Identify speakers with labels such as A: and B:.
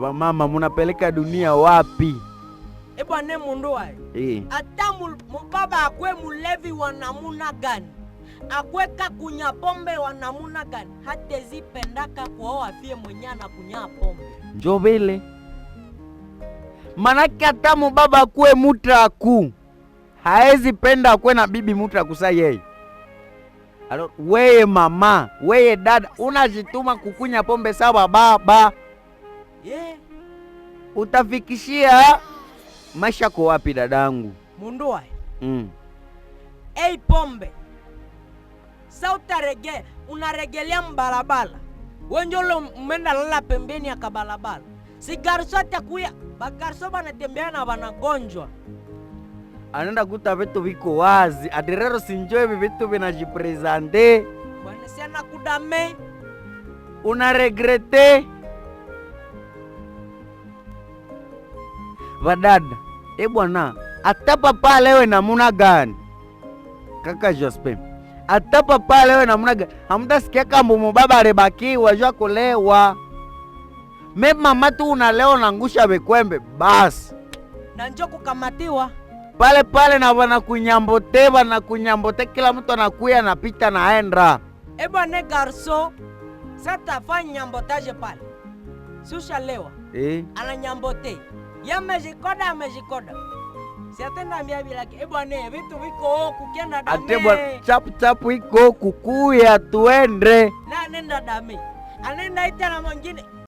A: Wamama munapeleka dunia wapi?
B: Eba ne mundu e. Ata mubaba akwe mulevi wa namuna gani, akweka kunya pombe wa namuna gani, hatezipendaka kuoa fie mwenye anakunya pombe
A: njo vile manake ata mubaba akuwe mutaku haezi penda akuwe na bibi mutaku. Sa yeye weye mama, weye dada, unajituma kukunya pombe sawa baba yeah. Utafikishia maisha kwa wapi dadangu?
B: Munduwa mm. Ei hey, pombe sa utarege unaregelea mbalabala ule menda lala pembeni ya kabalabala, si garso atakuya bagarso banatembea na banagonjwa
A: anaenda kuta vitu viko wazi adirero sinjo hivi vitu vinajipresente
B: bwana si anakudame
A: unaregrete vadada, e bwana, hata papa lewe namuna gani kaka Jospin, hata papa lewe namuna gani? Hamtasikia kambu mubaba rebakiwa jwa kulewa me mama tu unaleo nangusha vikwembe basi
B: na njo kukamatiwa
A: pale pale na wanakunyambote wanakunyambote, kila mtu anakuya anapita naenda.
B: E bwana garso, sasa tafanya nyambotaje pale Susha lewa. Eh. Ananyambote. Yamejikoda amejikoda. Si atenda mbia bila ke. Ebo eh, eh, vitu viko oku kenda
A: dame. Atebwa chap chap iko huku kuya tuende.
B: Na nenda dame. Anenda ita na mwingine.